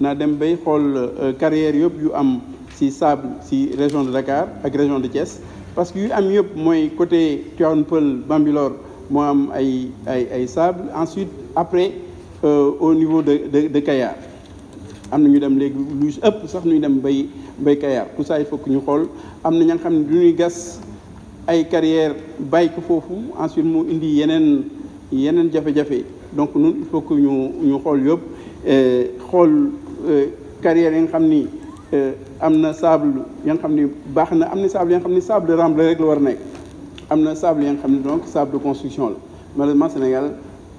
naa dem bay xool euh, carrière yëpp yu am ci sable ci région de Dakar ak région de Thiès parce que yu am yëpp mooy côté Tivaouane Bambilor moo am ay ay ay sable ensuite après euh, au niveau de de de Kayar am na ñu dem léegi lu ëpp sax ñu dem bay bay Kayar tout ça il faut que ñu xool am na ña nga xam ne du ñuy gas ay carrière bàyyi ko foofu ensuite mu indi yeneen yeneen jafe-jafe donc ñun il faut que ñu ñu xool yëpp xool. Euh, carrière yi nga xam ni euh, am na sable yi nga xam ni baax na am na sable yi nga xam sable de remblai rek la war nekk am sable yi nga xam donc sable de construction la malheureusement Sénégal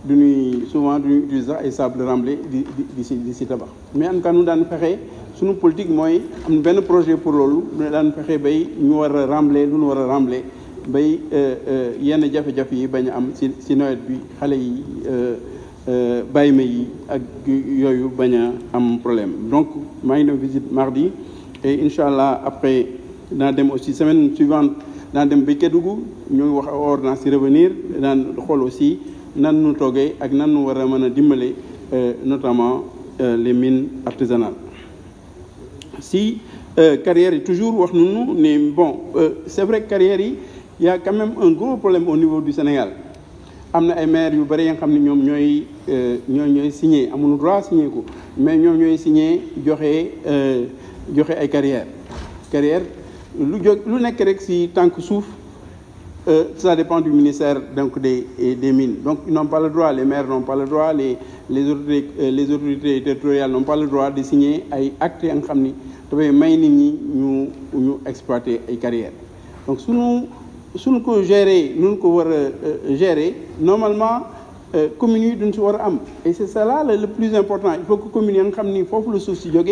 du ñuy souvent du ñuy utiliser ay sable de remblai di di si di si tabax mais en tout cas nous daan fexe suñu politique mooy am benn projet pour loolu ñu daan fexe bay ñu war a remblai lu ñu war a remblai bay euh, yenn jafe-jafe yi bañ a am si si nawet bi xale yi. Euh, bàyyi ma yi ak yooyu bañ a am problème donc je visite mardi et inshallah, allah après dinaa dem aussi semaine suivante dinaa dem ba Kédougou ñu wax dans si revenir daan xool aussi nan nu toogee ak nan nu war a mën a dimbale euh, notamment euh, les mines artisanales si carrière, est toujours wax nous ne bon c'est vrai carrière, yi y a quand même un gros problème au niveau du Sénégal amna ay maire yu bari ya nga xam ne ñoy ñooy euh, ñooy signé amunu droit signé ko mais ñom ñoy signé euh joxé ay carrière carrière lu lu nek rek si souf euh ça dépend du ministère donc des des mines donc ils n'ont pas le droit les maires n'ont pas le droit les les autorités euh, les autorités territoriales n'ont pas le droit de signer ay actes ya nga xam ni may nit ñi ñu ñu exploiter ay carrière donc sunu suñ ko gérer nous ko war euh, gérer normalement euh, yi duñ si am et c'est ça là le plus important il faut que communes en xamni fofu ni foofu la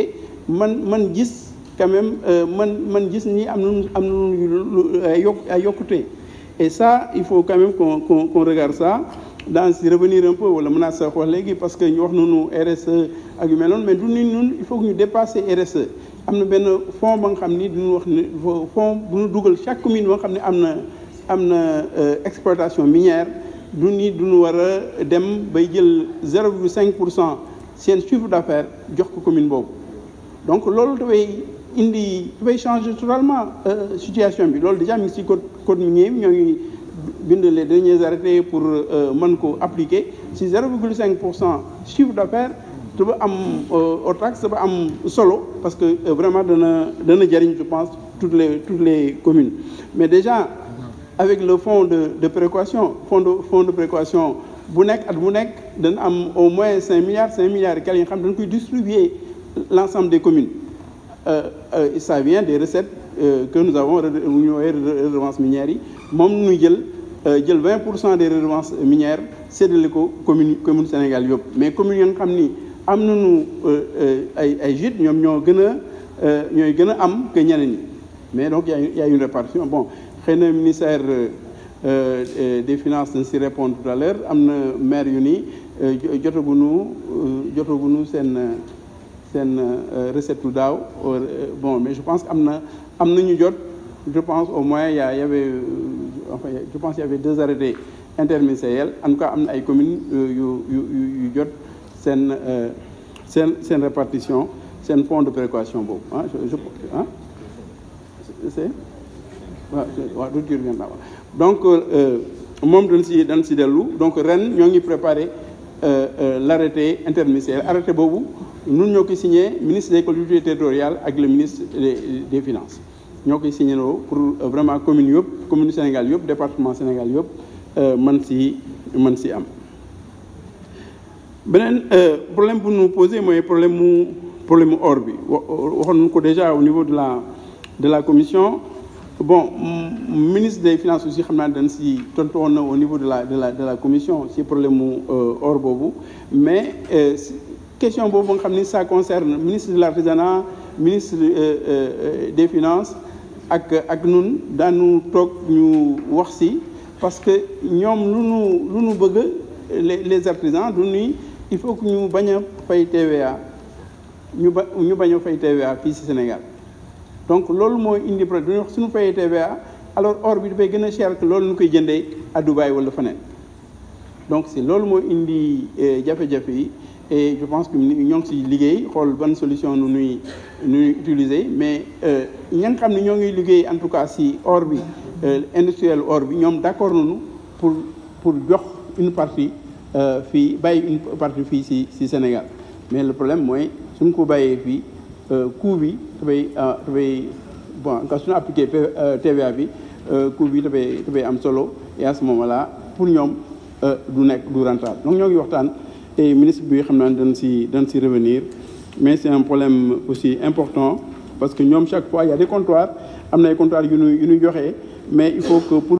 man man gis quand même euh, man man gis ni am nañu am nañu ay yokk ay et ça il faut quand même qu'on qu'on qu'on regarde ça dans revenir un peu wala mën naa sax wax parce que ñu wax nañu RSE ak yu mel mais nous ñun il faut que dépasser RSE am ben benn fonds ba nga xamni ni wax ni fonds bu ñu chaque commune ba nga xam amna euh, exploitation minière du ni duñu war dem bay jël 0,5% sen chiffre d'affaires jox ko commune boobu donc loolu tawé indi dafay changer totalement euh, situation bi loolu déjà mi ci si code code minier ñoo ngi bind les derniers arrêtés pour euh, man ko appliquer si 0,5% chiffre d'affaires tu ba am ba euh, am solo parce que euh, vraiment je pense toutes les toutes les communes mais déjà avec le fonds de de précaution fonds de de précaution au moins 5 milliards 5 milliards qu'elle nga xam distribuer l'ensemble des communes euh, ça vient des recettes que nous avons les woowee minières minière mom nous jël 20% des redevances minières c'est de commune commune Sénégal mais commune yi am nañu euh, euh, ay ay gîtes ñoom ñoo gën a euh, ñooy gën a am que ñeneen ñi mais donc il y a une répartition bon xëy na ministère des finances dañ si répondre tout à l'heure am na maire yu nii jotaguñu jotaguñu seen seen recette lu daaw bon mais je pense que am na am na ñu jot je pense au moins y a y avait enfin je pense y avait deux arrêtés interministériels en tout cas am na ay communes yu yu yu jot c'est euh, une répartition répartition une fonds de précaution ah, je pense ah, c'est donc euh, moom dañ si dañ donc ren a préparé euh, l'arrêté interministériel arrêté avons signé le koy signé ministre des collectivités territoriales avec le ministre des finances nous avons signé pour vraiment commune la commune Sénégal yop département Sénégal euh, mansi le euh, problème pour nous poser, mooy problème problème mu or bi waxoon déjà au niveau de la de la commission bon ministre des finances aussi xam naa dañ si au niveau de la de la de la commission si problème euh, or mais mais euh, question pour nga ça concerne ministre de l'artisanat ministre euh, des finances ak ak dans daanu toog ñu wax parce que nous, nous nous nous les artisans nous, nous il faut que ñu bañ a fay TVA ñu ba ñu fay TVA fii si Sénégal donc loolu moy indi problème dañuy suñu TVA alors or bi dafay gën a cher que loolu ñu koy à Dubaï wala feneen donc c'est loolu moy indi euh, jafe-jafe yi et je pense que ñu ngi ci liggéey xol ban solution nous nuy nuy utiliser mais euh, ñi nga xam ñoo ngi liggéey en tout cas si or bi euh, industriel or bi ñoom d'accord nous pour pour jox une partie. Euh, fii bàyyi une partie fi si si Sénégal mais le problème moy suñ ko bàyyee fi euh bi dafay euh, dafay bon quand suñu appliqué euh, TVA bi euh bi dafay dafay am solo et à ce moment là pour euh du nek du rentable donc ñoo ngi waxtaan et ministre bi xamna dañ si dañ si revenir mais c'est un problème aussi important parce que ñom chaque fois il y a des comptoirs amna ay comptoirs yu ñu ñu mais il faut que pour